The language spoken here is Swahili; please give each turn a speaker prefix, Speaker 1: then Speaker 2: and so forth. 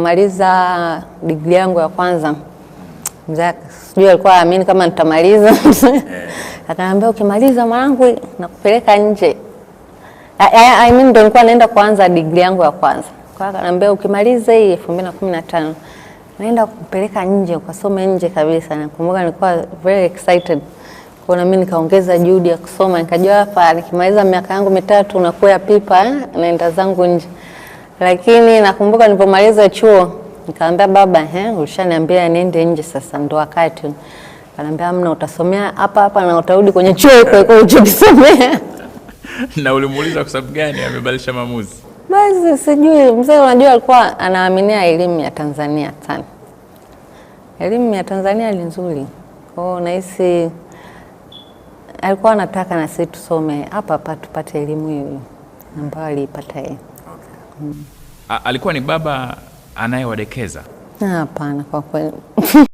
Speaker 1: nilipomaliza digrii yangu ya kwanza mzee sijui alikuwa aamini kama nitamaliza akaniambia, ukimaliza mwanangu, nakupeleka nje. I mean ndo nilikuwa naenda kuanza digrii yangu ya kwanza, kwa akaniambia, ukimaliza hii elfu mbili na kumi na tano naenda kupeleka nje ukasome nje kabisa. Nakumbuka nilikuwa very excited kwa na mimi nikaongeza juhudi ya kusoma, nikajua hapa nikimaliza miaka yangu mitatu nakuwa pipa, eh, naenda zangu nje. Lakini nakumbuka nilipomaliza chuo nikamwambia baba, eh, ulishaniambia niende nje, sasa ndo wakati. kanaambia, amna, utasomea hapa hapa na utarudi kwenye chuo hiko hiko ulichokisomea.
Speaker 2: Na ulimuuliza kwa sababu gani amebadilisha maamuzi?
Speaker 1: Basi sijui mzee, unajua alikuwa anaaminia elimu ya Tanzania sana. Elimu ya Tanzania ni nzuri kwao, nahisi alikuwa anataka na sisi tusome hapa hapa tupate elimu hiyo ambayo aliipata yeye.
Speaker 2: A, alikuwa ni baba anayewadekeza?
Speaker 1: Hapana, kwa kweli